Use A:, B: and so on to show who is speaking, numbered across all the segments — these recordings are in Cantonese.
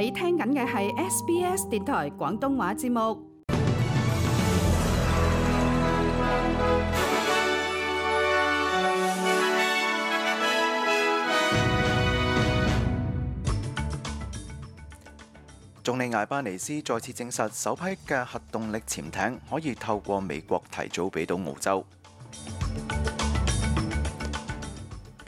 A: 你聽緊嘅係 SBS 電台廣東話節目。總理艾巴尼斯再次證實，首批嘅核動力潛艇可以透過美國提早俾到澳洲。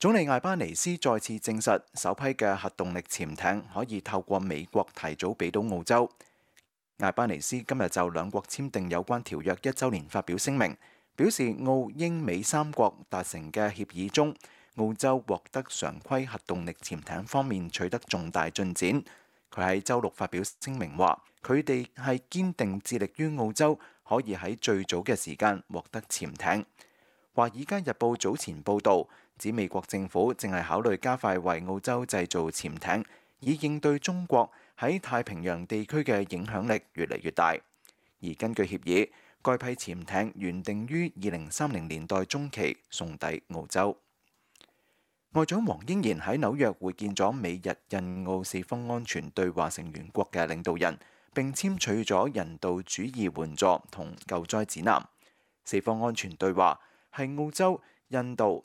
A: 總理艾巴尼斯再次證實，首批嘅核動力潛艇可以透過美國提早俾到澳洲。艾巴尼斯今日就兩國簽訂有關條約一周年發表聲明，表示澳英美三國達成嘅協議中，澳洲獲得常規核動力潛艇方面取得重大進展。佢喺周六發表聲明，話佢哋係堅定致力於澳洲可以喺最早嘅時間獲得潛艇。華爾街日報早前報道。指美國政府正係考慮加快為澳洲製造潛艇，以應對中國喺太平洋地區嘅影響力越嚟越大。而根據協議，該批潛艇原定於二零三零年代中期送抵澳洲。外長黃英賢喺紐約會見咗美日印澳四方安全對話成員國嘅領導人，並簽署咗人道主義援助同救災指南。四方安全對話係澳洲、印度。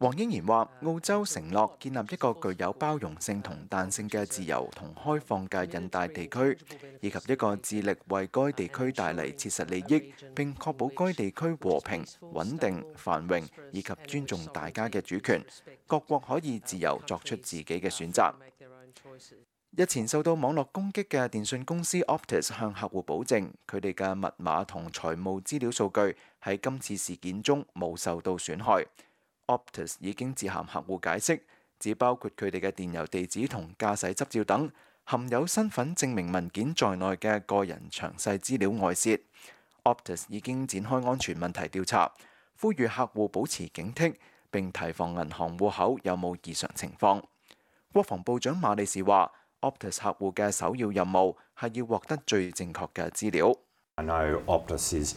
A: 黃英賢話：澳洲承諾建立一個具有包容性同彈性嘅自由同開放嘅印太地區，以及一個致力為該地區帶嚟切實利益，並確保該地區和平、穩定、繁榮以及尊重大家嘅主權。各國可以自由作出自己嘅選擇。日前受到網絡攻擊嘅電信公司 Optus 向客戶保證，佢哋嘅密碼同財務資料數據喺今次事件中冇受到損害。Optus 已經致函客戶解釋，只包括佢哋嘅電郵地址同駕駛執照等，含有身份證明文件在內嘅個人詳細資料外洩。Optus 已經展開安全問題調查，呼籲客戶保持警惕，並提防銀行戶口有冇異常情況。國防部長馬利士話：Optus 客戶嘅首要任務係要獲得最正確嘅資料。I know Optus is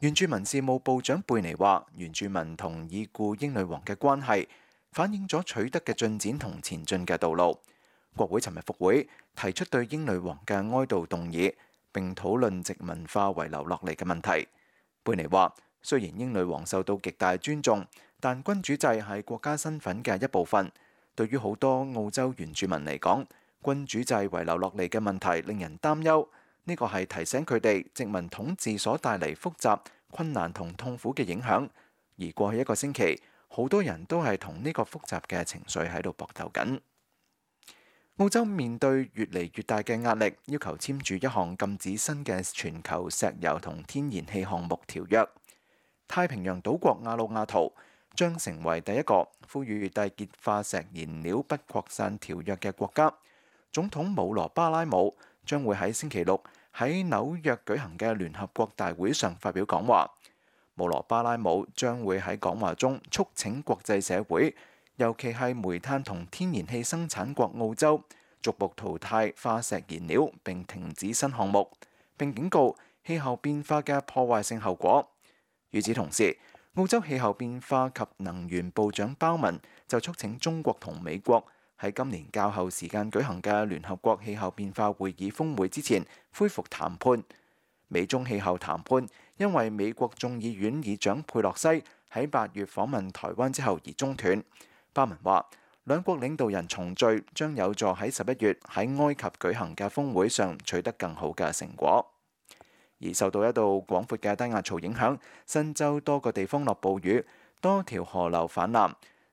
A: 原住民事務部長貝尼話：原住民同已故英女王嘅關係，反映咗取得嘅進展同前進嘅道路。國會尋日復會，提出對英女王嘅哀悼動議，並討論殖民化遺留落嚟嘅問題。貝尼話：雖然英女王受到極大尊重，但君主制係國家身份嘅一部分。對於好多澳洲原住民嚟講，君主制遺留落嚟嘅問題令人擔憂。呢個係提醒佢哋殖民統治所帶嚟複雜、困難同痛苦嘅影響。而過去一個星期，好多人都係同呢個複雜嘅情緒喺度搏鬥緊。澳洲面對越嚟越大嘅壓力，要求簽署一項禁止新嘅全球石油同天然氣項目條約。太平洋島國亞魯亞圖將成為第一個呼籲越大結化石燃料不擴散條約嘅國家。總統姆羅巴拉姆將會喺星期六，喺紐約舉行嘅聯合國大會上發表講話，穆羅巴拉姆將會喺講話中促請國際社會，尤其係煤炭同天然氣生產國澳洲，逐步淘汰化石燃料並停止新項目，並警告氣候變化嘅破壞性後果。與此同時，澳洲氣候變化及能源部長包文就促請中國同美國。喺今年較後時間舉行嘅聯合國氣候變化會議峰會之前恢復談判。美中氣候談判因為美國眾議院議長佩洛西喺八月訪問台灣之後而中斷。巴文話，兩國領導人重聚將有助喺十一月喺埃及舉行嘅峰會上取得更好嘅成果。而受到一道廣闊嘅低壓槽影響，新州多個地方落暴雨，多條河流氾濫。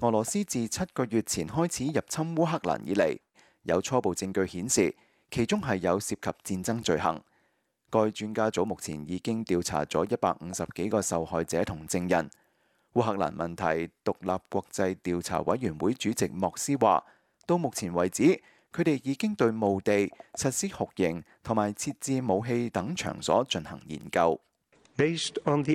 A: 俄羅斯自七個月前開始入侵烏克蘭以嚟，有初步證據顯示，其中係有涉及戰爭罪行。該專家組目前已經調查咗一百五十幾個受害者同證人。烏克蘭問題獨立國際調查委員會主席莫斯話，到目前為止，佢哋已經對墓地、實施酷刑同埋設置武器等場所進行研究。Based on the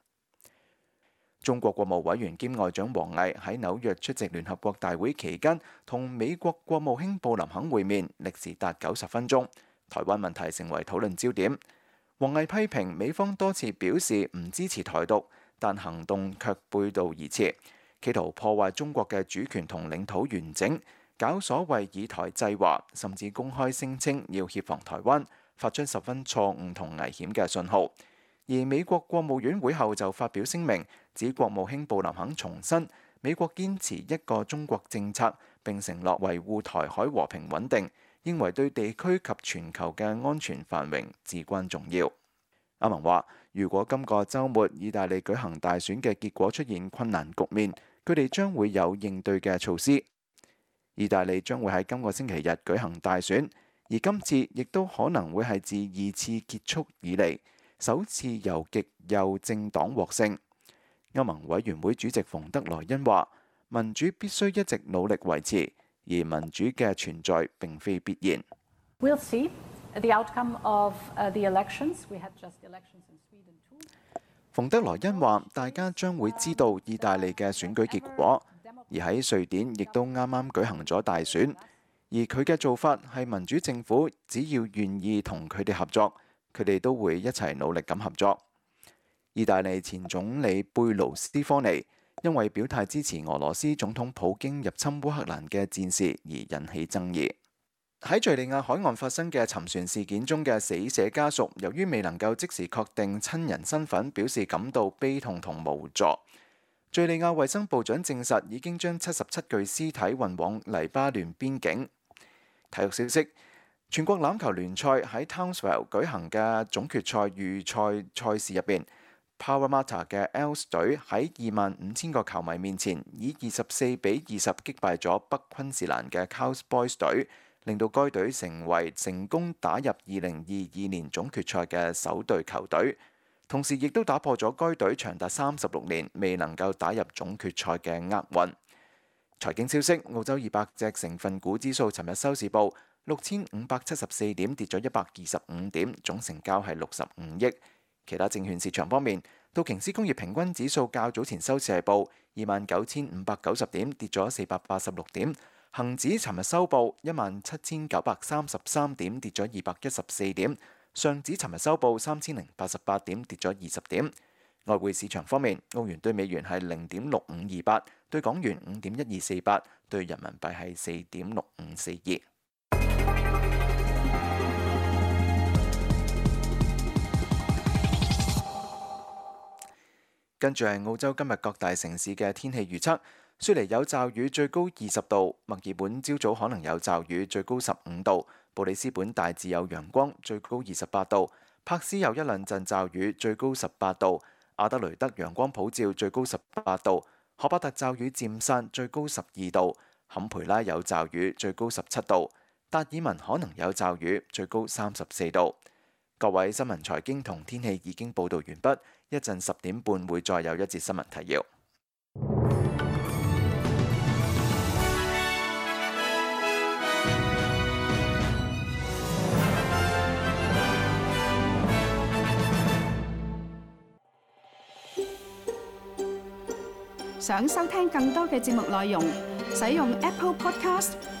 A: 中國國務委員兼外長王毅喺紐約出席聯合國大會期間，同美國國務卿布林肯會面，歷時達九十分鐘。台灣問題成為討論焦點。王毅批評美方多次表示唔支持台獨，但行動卻背道而馳，企圖破壞中國嘅主權同領土完整，搞所謂以台製華，甚至公開聲稱要協防台灣，發出十分錯誤同危險嘅信號。而美國國務院會後就發表聲明。指國務卿布林肯重申，美國堅持一個中國政策，並承諾維護台海和平穩定，認為對地區及全球嘅安全繁榮至關重要。阿文話：如果今個週末意大利舉行大選嘅結果出現困難局面，佢哋將會有應對嘅措施。意大利將會喺今個星期日舉行大選，而今次亦都可能會係自二次結束以嚟首次由極右政黨獲勝。歐盟委員會主席馮德萊恩話：民主必須一直努力維持，而民主嘅存在並非必然。We will see the outcome of the elections. We had just elections in Sweden too. 馮德萊恩話：大家將會知道意大利嘅選舉結果，而喺瑞典亦都啱啱舉行咗大選。而佢嘅做法係民主政府只要願意同佢哋合作，佢哋都會一齊努力咁合作。意大利前總理貝盧斯科尼因為表態支持俄羅斯總統普京入侵烏克蘭嘅戰事而引起爭議。喺敘利亞海岸發生嘅沉船事件中嘅死者家屬，由於未能夠即時確定親人身份，表示感到悲痛同無助。敘利亞衛生部長證實，已經將七十七具屍體運往黎巴嫩邊境。體育消息：全國欖球聯賽喺 Townsville 舉行嘅總決賽預賽賽事入邊。Parramatta 嘅 Eels 隊喺二萬五千個球迷面前，以二十四比二十擊敗咗北昆士蘭嘅 Cowboys 隊，令到該隊成為成功打入二零二二年總決賽嘅首隊球隊，同時亦都打破咗該隊長達三十六年未能夠打入總決賽嘅厄運。財經消息，澳洲二百隻成分股指數尋日收市報六千五百七十四點，跌咗一百二十五點，總成交係六十五億。其他證券市場方面，道瓊斯工業平均指數較早前收市係報二萬九千五百九十點，跌咗四百八十六點。恒指尋日收報一萬七千九百三十三點，跌咗二百一十四點。上指尋日收報三千零八十八點，跌咗二十點。外匯市場方面，澳元對美元係零點六五二八，對港元五點一二四八，對人民幣係四點六五四二。跟住係澳洲今日各大城市嘅天氣預測：雪梨有驟雨，最高二十度；墨爾本朝早，早可能有驟雨，最高十五度；布里斯本大致有陽光，最高二十八度；柏斯有一兩陣驟雨，最高十八度；阿德雷德陽光普照，最高十八度；荷巴特驟雨漸散，最高十二度；坎培拉有驟雨，最高十七度；達爾文可能有驟雨，最高三十四度。各位新聞財經同天氣已經報道完畢，一陣十點半會再有一節新聞提要。想收聽更多嘅節目內容，使用 Apple Podcast。